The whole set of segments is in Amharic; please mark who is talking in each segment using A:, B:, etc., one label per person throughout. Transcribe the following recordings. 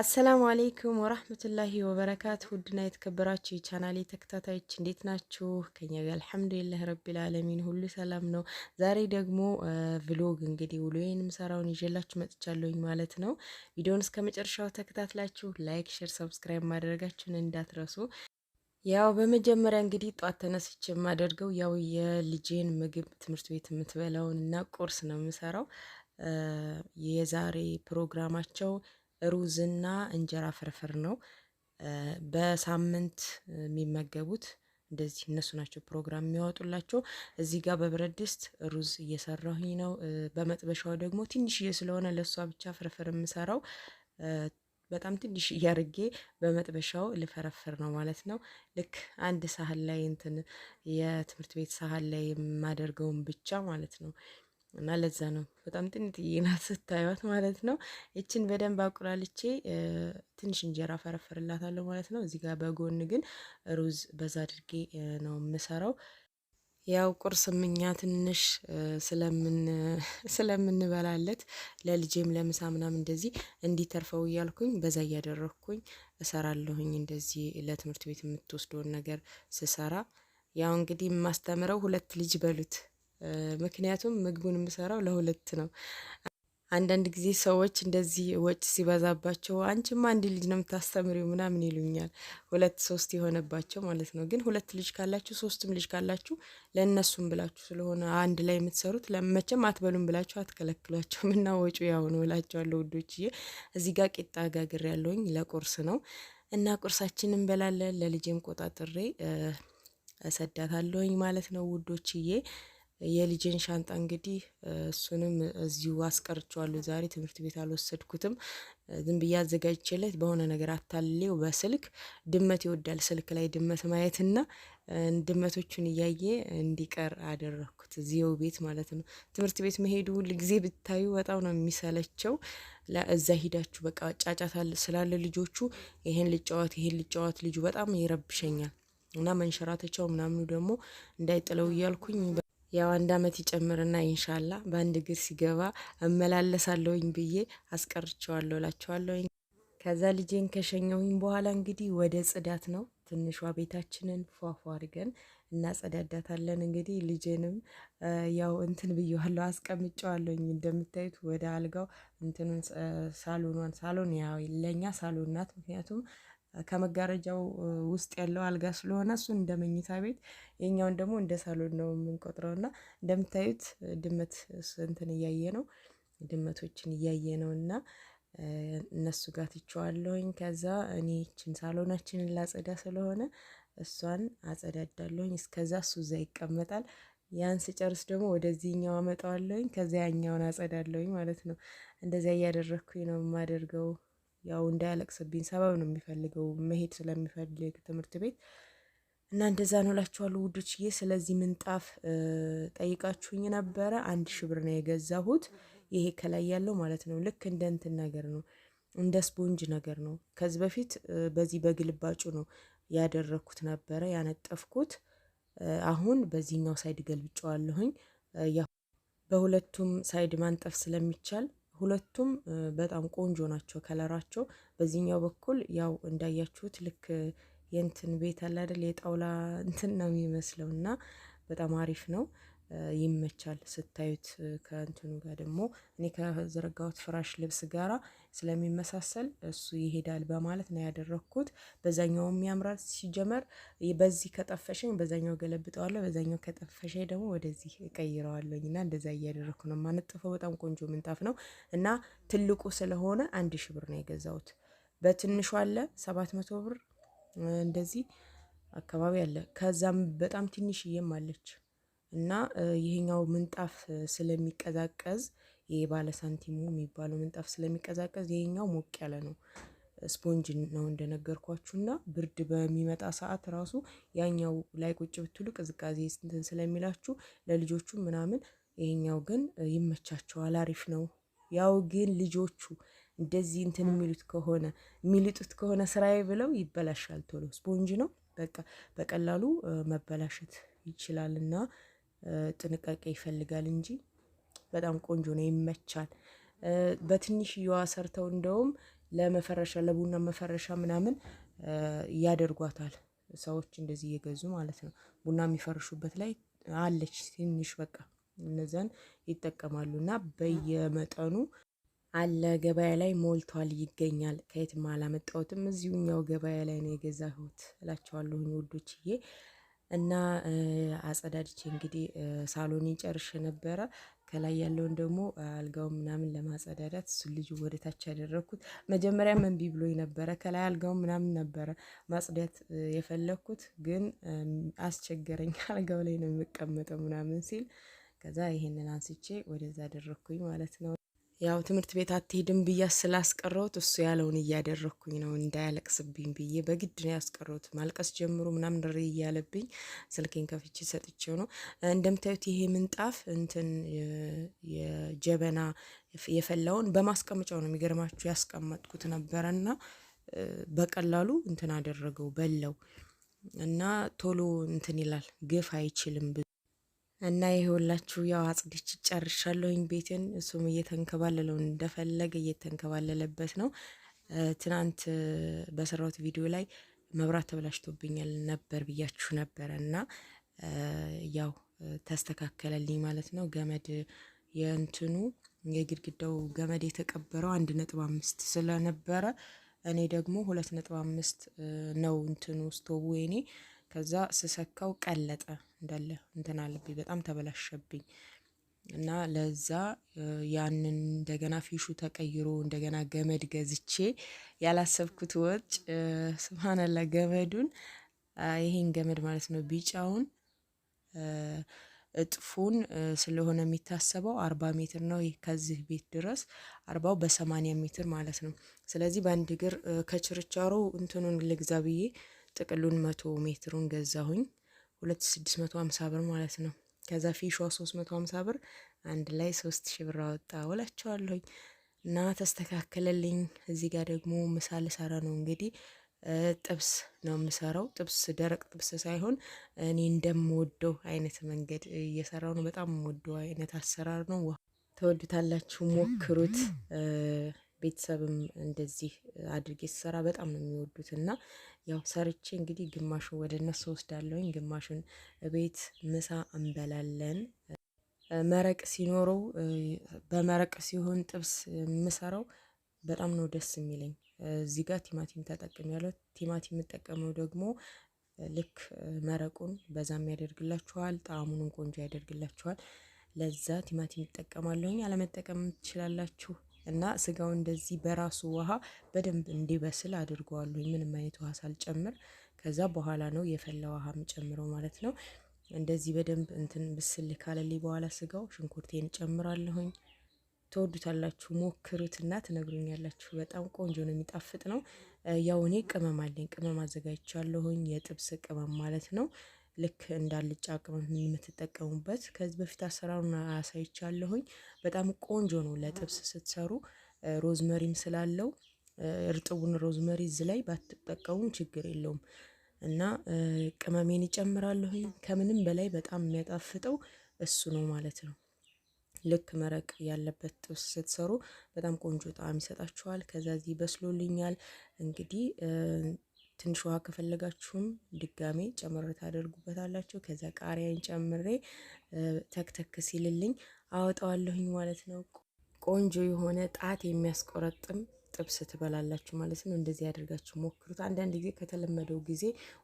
A: አሰላሙ አሌይኩም ወራህመቱላሂ ወበረካት ውድና የተከበራችሁ የቻናሌ ተከታታዮች እንዴት ናችሁ? ከኛ ጋር አልሐምዱሊላህ ረቢል አለሚን ሁሉ ሰላም ነው። ዛሬ ደግሞ ቭሎግ እንግዲህ ውሎዬንም ሰራውን ይዤላችሁ መጥቻለሁኝ ማለት ነው። ቪዲዮውን እስከ መጨረሻው ተከታትላችሁ ላይክ፣ ሼር፣ ሰብስክራይብ ማድረጋችሁን እንዳትረሱ። ያው በመጀመሪያ እንግዲህ ጧት ተነስቼ የማደርገው ያው የልጄን ምግብ ትምህርት ቤት የምትበላውን እና ቁርስ ነው የምሰራው። የዛሬ ፕሮግራማቸው ሩዝና እንጀራ ፍርፍር ነው በሳምንት የሚመገቡት። እንደዚህ እነሱ ናቸው ፕሮግራም የሚያወጡላቸው። እዚህ ጋር በብረት ድስት ሩዝ እየሰራሁኝ ነው። በመጥበሻው ደግሞ ትንሽዬ ስለሆነ ለእሷ ብቻ ፍርፍር የምሰራው በጣም ትንሽ እያርጌ በመጥበሻው ልፈረፍር ነው ማለት ነው። ልክ አንድ ሳህን ላይ እንትን የትምህርት ቤት ሳህን ላይ የማደርገውን ብቻ ማለት ነው። እና ለዛ ነው በጣም ትንትዬ ናት ስታዩት ማለት ነው። ይችን በደንብ አቁላልቼ ትንሽ እንጀራ ፈረፈርላታለሁ ማለት ነው። እዚህ ጋር በጎን ግን ሩዝ በዛ አድርጌ ነው የምሰራው። ያው ቁርስ ምኛ ትንሽ ስለምንበላለት ለልጄም ለምሳ ምናምን እንደዚህ እንዲተርፈው እያልኩኝ በዛ እያደረግኩኝ እሰራለሁኝ። እንደዚህ ለትምህርት ቤት የምትወስደውን ነገር ስሰራ ያው እንግዲህ የማስተምረው ሁለት ልጅ በሉት ምክንያቱም ምግቡን የምሰራው ለሁለት ነው። አንዳንድ ጊዜ ሰዎች እንደዚህ ወጪ ሲበዛባቸው አንቺማ አንድ ልጅ ነው የምታስተምሪው ምናምን ይሉኛል። ሁለት ሶስት የሆነባቸው ማለት ነው። ግን ሁለት ልጅ ካላችሁ ሶስትም ልጅ ካላችሁ ለእነሱም ብላችሁ ስለሆነ አንድ ላይ የምትሰሩት መቼም አትበሉም ብላችሁ አትከለክሏቸውም እና ወጪ ያው ነው እላቸዋለሁ ውዶችዬ። እዚህ ጋር ቂጣ ጋግር ያለውኝ ለቁርስ ነው እና ቁርሳችን እንበላለን። ለልጄም ቆጣጥሬ እሰዳታለሁኝ ማለት ነው ውዶችዬ። የልጅን ሻንጣ እንግዲህ እሱንም እዚሁ አስቀርቸዋለሁ። ዛሬ ትምህርት ቤት አልወሰድኩትም። ዝም ብዬ አዘጋጅቼለት በሆነ ነገር አታልሌው በስልክ ድመት ይወዳል ስልክ ላይ ድመት ማየትና ድመቶቹን እያየ እንዲቀር አደረግኩት። እዚው ቤት ማለት ነው። ትምህርት ቤት መሄዱ ሁልጊዜ ብታዩ በጣም ነው የሚሰለቸው። እዛ ሂዳችሁ በቃ ጫጫታ ስላለ ልጆቹ ይሄን ልጫወት ይሄን ልጫወት ልጁ በጣም ይረብሸኛል እና መንሸራተቻው ምናምኑ ደግሞ እንዳይጥለው እያልኩኝ ያው አንድ አመት ይጨምርና ኢንሻላ በአንድ እግር ሲገባ እመላለሳለሁኝ ብዬ አስቀርቸዋለሁ ላቸዋለሁኝ። ከዛ ልጄን ከሸኘሁኝ በኋላ እንግዲህ ወደ ጽዳት ነው። ትንሿ ቤታችንን ፏፏ አድርገን እናጸዳዳታለን። እንግዲህ ልጄንም ያው እንትን ብየዋለሁ አስቀምጨዋለሁኝ። እንደምታዩት ወደ አልጋው እንትኑን ሳሎኗን ሳሎን ያው ለእኛ ሳሎን ናት፣ ምክንያቱም ከመጋረጃው ውስጥ ያለው አልጋ ስለሆነ እሱን እንደ መኝታ ቤት የኛውን ደግሞ እንደ ሳሎን ነው የምንቆጥረው። እና እንደምታዩት ድመት ስንትን እያየ ነው ድመቶችን እያየ ነው እና እነሱ ጋር ትችዋለሁኝ። ከዛ እኔ ይችን ሳሎናችንን ላጸዳ ስለሆነ እሷን አጸዳዳለሁኝ። እስከዛ እሱ እዛ ይቀመጣል። ያን ስጨርስ ደግሞ ወደዚህኛው አመጣዋለሁኝ። ከዚያ ያኛውን አጸዳለሁኝ ማለት ነው። እንደዚያ እያደረግኩኝ ነው የማደርገው። ያው እንዳያለቅስብኝ ሰበብ ነው የሚፈልገው መሄድ ስለሚፈልግ ትምህርት ቤት እና እንደዛ ነው እላችኋለሁ ውዶችዬ። ስለዚህ ምንጣፍ ጠይቃችሁኝ ነበረ። አንድ ሺህ ብር ነው የገዛሁት። ይሄ ከላይ ያለው ማለት ነው። ልክ እንደ እንትን ነገር ነው፣ እንደ ስፖንጅ ነገር ነው። ከዚህ በፊት በዚህ በግልባጩ ነው ያደረግኩት ነበረ ያነጠፍኩት። አሁን በዚህኛው ሳይድ ገልብጨዋለሁኝ። በሁለቱም ሳይድ ማንጠፍ ስለሚቻል ሁለቱም በጣም ቆንጆ ናቸው ከለራቸው። በዚህኛው በኩል ያው እንዳያችሁት ልክ የእንትን ቤት አለ አይደል የጣውላ እንትን ነው የሚመስለው እና በጣም አሪፍ ነው። ይመቻል ስታዩት ከእንትኑ ጋር ደግሞ እኔ ከዘረጋሁት ፍራሽ ልብስ ጋራ ስለሚመሳሰል እሱ ይሄዳል በማለት ነው ያደረግኩት። በዛኛውም ያምራል። ሲጀመር በዚህ ከጠፈሸኝ በዛኛው ገለብጠዋለሁ፣ በዛኛው ከጠፈሸኝ ደግሞ ወደዚህ እቀይረዋለኝ እና እንደዛ እያደረግኩ ነው የማነጥፈው። በጣም ቆንጆ ምንጣፍ ነው እና ትልቁ ስለሆነ አንድ ሺ ብር ነው የገዛሁት። በትንሹ አለ ሰባት መቶ ብር እንደዚህ አካባቢ አለ። ከዛም በጣም ትንሽዬም አለች እና ይሄኛው ምንጣፍ ስለሚቀዛቀዝ ይሄ ባለ ሳንቲሙ የሚባለው ምንጣፍ ስለሚቀዛቀዝ ይሄኛው ሞቅ ያለ ነው። ስፖንጅ ነው እንደነገርኳችሁ እና ብርድ በሚመጣ ሰዓት ራሱ ያኛው ላይ ቁጭ ብትሉ ቅዝቃዜ ስንትን ስለሚላችሁ ለልጆቹ ምናምን ይሄኛው ግን ይመቻቸዋል፣ አሪፍ ነው። ያው ግን ልጆቹ እንደዚህ እንትን የሚሉት ከሆነ የሚልጡት ከሆነ ስራዬ ብለው ይበላሻል ቶሎ። ስፖንጅ ነው በቃ በቀላሉ መበላሸት ይችላል እና ጥንቃቄ ይፈልጋል እንጂ በጣም ቆንጆ ነው፣ ይመቻል። በትንሽየዋ ሰርተው እንደውም ለመፈረሻ ለቡና መፈረሻ ምናምን ያደርጓታል ሰዎች እንደዚህ እየገዙ ማለት ነው። ቡና የሚፈርሹበት ላይ አለች ትንሽ በቃ እነዛን ይጠቀማሉ እና በየመጠኑ አለ ገበያ ላይ ሞልቷል፣ ይገኛል። ከየትም አላመጣሁትም፣ እዚሁኛው ገበያ ላይ ነው የገዛሁት እላቸዋለሁኝ ውዶችዬ። እና አጸዳድቼ እንግዲህ ሳሎን ጨርሼ ነበረ። ከላይ ያለውን ደግሞ አልጋው ምናምን ለማጸዳዳት እሱን ልጁ ወደታች ያደረግኩት መጀመሪያም መንቢ ብሎ ነበረ። ከላይ አልጋው ምናምን ነበረ ማጽዳት የፈለግኩት ግን አስቸገረኝ። አልጋው ላይ ነው የምቀመጠው ምናምን ሲል ከዛ ይሄንን አንስቼ ወደዛ አደረግኩኝ ማለት ነው። ያው ትምህርት ቤት አትሄድም ብያ ስላስቀረውት እሱ ያለውን እያደረግኩኝ ነው እንዳያለቅስብኝ ብዬ በግድ ነው ያስቀረውት። ማልቀስ ጀምሮ ምናምን ር እያለብኝ ስልኬን ከፍቼ ሰጥቼው ነው። እንደምታዩት ይሄ ምንጣፍ እንትን የጀበና የፈላውን በማስቀመጫው ነው የሚገርማችሁ ያስቀመጥኩት ነበረና በቀላሉ እንትን አደረገው በላው እና ቶሎ እንትን ይላል ግፍ አይችልም። እና ይሄውላችሁ ያው አጽድቼ ጨርሻለሁኝ ቤትን። እሱም እየተንከባለለው እንደፈለገ እየተንከባለለበት ነው። ትናንት በሰራሁት ቪዲዮ ላይ መብራት ተብላሽቶብኛል ነበር ብያችሁ ነበረ እና ያው ተስተካከለልኝ ማለት ነው። ገመድ የእንትኑ የግድግዳው ገመድ የተቀበረው አንድ ነጥብ አምስት ስለነበረ እኔ ደግሞ ሁለት ነጥብ አምስት ነው እንትኑ ስቶቡ የኔ። ከዛ ስሰካው ቀለጠ እንዳለ እንትን አለብኝ፣ በጣም ተበላሸብኝ እና ለዛ ያንን እንደገና ፊሹ ተቀይሮ እንደገና ገመድ ገዝቼ ያላሰብኩት ወጭ ስብሃንላ ገመዱን ይሄን ገመድ ማለት ነው ቢጫውን እጥፉን ስለሆነ የሚታሰበው አርባ ሜትር ነው ከዚህ ቤት ድረስ አርባው በሰማንያ ሜትር ማለት ነው። ስለዚህ በአንድ እግር ከችርቻሮ እንትኑን ልግዛ ብዬ ጥቅሉን መቶ ሜትሩን ገዛሁኝ። 2650 ብር ማለት ነው። ከዛ ፊሿ 350 ብር አንድ ላይ 3000 ብር አወጣ ውላቸዋለሁኝ እና ተስተካከለልኝ። እዚህ ጋር ደግሞ ምሳ ልሰራ ነው እንግዲህ ጥብስ ነው የምሰራው። ጥብስ ደረቅ ጥብስ ሳይሆን እኔ እንደምወደው አይነት መንገድ እየሰራው ነው። በጣም ወደው አይነት አሰራር ነው። ተወዱታላችሁ፣ ሞክሩት። ቤተሰብም እንደዚህ አድርጌ ስሰራ በጣም ነው የሚወዱት እና ያው ሰርቼ እንግዲህ ግማሹን ወደ እነሱ ወስዳለሁኝ፣ ግማሹን ቤት ምሳ እንበላለን። መረቅ ሲኖረው በመረቅ ሲሆን ጥብስ የምሰራው በጣም ነው ደስ የሚለኝ። እዚህ ጋር ቲማቲም ተጠቅም ያለው ቲማቲም የምጠቀመው ደግሞ ልክ መረቁን በዛም ያደርግላችኋል፣ ጣዕሙንም ቆንጆ ያደርግላችኋል። ለዛ ቲማቲም ይጠቀማለሁኝ። አለመጠቀም ትችላላችሁ። እና ስጋው እንደዚህ በራሱ ውሃ በደንብ እንዲበስል አድርገዋለሁ። ምንም አይነት ውሃ ሳልጨምር ከዛ በኋላ ነው የፈላ ውሃ የምጨምረው ማለት ነው። እንደዚህ በደንብ እንትን ብስል ካለልኝ በኋላ ስጋው ሽንኩርቴን ጨምራለሁኝ። ትወዱታላችሁ፣ እና ትነግሩኛላችሁ። በጣም ቆንጆ ነው፣ የሚጣፍጥ ነው። ያው እኔ ቅመም አለኝ፣ ቅመም አዘጋጅቻለሁኝ፣ የጥብስ ቅመም ማለት ነው። ልክ እንዳልጫ ቅመም የምትጠቀሙበት። ከዚህ በፊት አሰራሩን አሳይቻለሁኝ። በጣም ቆንጆ ነው ለጥብስ ስትሰሩ። ሮዝመሪም ስላለው እርጥቡን ሮዝመሪ እዚ ላይ ባትጠቀሙም ችግር የለውም እና ቅመሜን ይጨምራለሁኝ። ከምንም በላይ በጣም የሚያጣፍጠው እሱ ነው ማለት ነው። ልክ መረቅ ያለበት ጥብስ ስትሰሩ በጣም ቆንጆ ጣዕም ይሰጣችኋል። ከዛ እዚህ በስሎልኛል እንግዲህ ትንሽ ውሃ ከፈለጋችሁም ድጋሜ ጨምር ታደርጉበታላችሁ። ከዛ ቃሪያን ጨምሬ ተክተክ ሲልልኝ አወጣዋለሁኝ ማለት ነው። ቆንጆ የሆነ ጣት የሚያስቆረጥም ጥብስ ትበላላችሁ ማለት ነው። እንደዚህ ያደርጋችሁ ሞክሩት። አንዳንድ ጊዜ ከተለመደው ጊዜ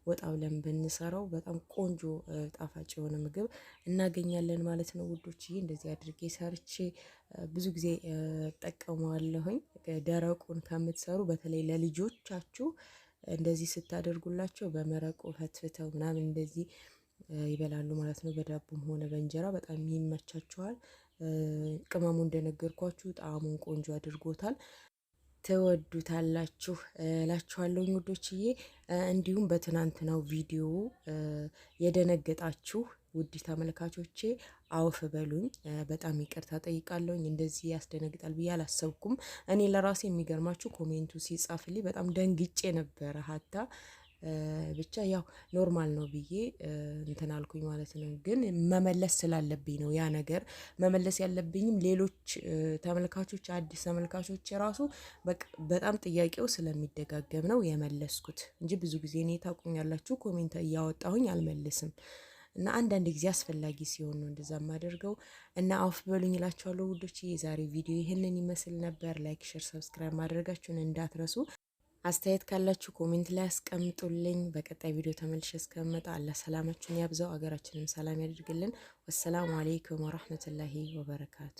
A: ወጣ ብለን ብንሰራው በጣም ቆንጆ ጣፋጭ የሆነ ምግብ እናገኛለን ማለት ነው ውዶችዬ። እንደዚህ አድርጌ ሰርቼ ብዙ ጊዜ ጠቀመዋለሁኝ። ደረቁን ከምትሰሩ በተለይ ለልጆቻችሁ እንደዚህ ስታደርጉላቸው በመረቁ ፈትፍተው ምናምን እንደዚህ ይበላሉ ማለት ነው። በዳቦም ሆነ በእንጀራ በጣም ይመቻቸዋል። ቅመሙ እንደነገርኳችሁ ጣዕሙን ቆንጆ አድርጎታል። ትወዱታላችሁ እላችኋለሁ ውዶችዬ። እንዲሁም በትናንትናው ቪዲዮ የደነገጣችሁ ውድ ተመልካቾቼ አውፍ በሉኝ። በጣም ይቅርታ ጠይቃለሁኝ። እንደዚህ ያስደነግጣል ብዬ አላሰብኩም። እኔ ለራሴ የሚገርማችሁ ኮሜንቱ ሲጻፍልኝ በጣም ደንግጬ ነበረ ሀታ ብቻ ያው ኖርማል ነው ብዬ እንትን አልኩኝ ማለት ነው። ግን መመለስ ስላለብኝ ነው ያ ነገር መመለስ ያለብኝም ሌሎች ተመልካቾች፣ አዲስ ተመልካቾች ራሱ በጣም ጥያቄው ስለሚደጋገም ነው የመለስኩት እንጂ ብዙ ጊዜ እኔ ታቁኛላችሁ፣ ኮሜንት እያወጣሁኝ አልመልስም። እና አንዳንድ ጊዜ አስፈላጊ ሲሆን ነው እንደዛ የማደርገው። እና አውፍ በሉኝ ውዶች። የዛሬ ቪዲዮ ይህንን ይመስል ነበር። ላይክ፣ ሼር፣ ሰብስክራይብ ማድረጋችሁን እንዳትረሱ። አስተያየት ካላችሁ ኮሜንት ላይ አስቀምጡልኝ። በቀጣይ ቪዲዮ ተመልሼ እስከምመጣ አላህ ሰላማችሁን ያብዛው፣ አገራችንም ሰላም ያድርግልን። ወሰላሙ አሌይኩም ወራህመቱላሂ ወበረካቱ።